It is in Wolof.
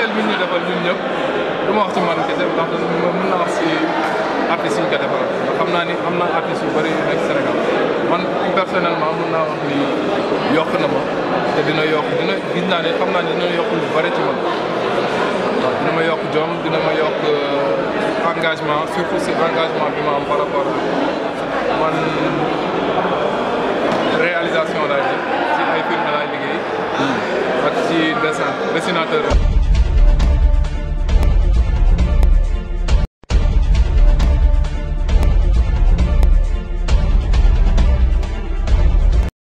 njukkal bi ñu defal ñun ñëpp du ma wax ci man kese ndax mën naa wax si artistes yi ñu ko defal ndax xam naa ni am na artistes yu bëri yu nekk Sénégal man personnellement mën naa wax ni yokk na ma te dina yokk dina gis naa ne xam naa ne dina yokk lu bëri ci man dina ma yokk jom dina ma yokk engagement surtout si engagement bi ma am par rapport man réalisation laay def ay film laay liggéey ak ci dessin dessinateur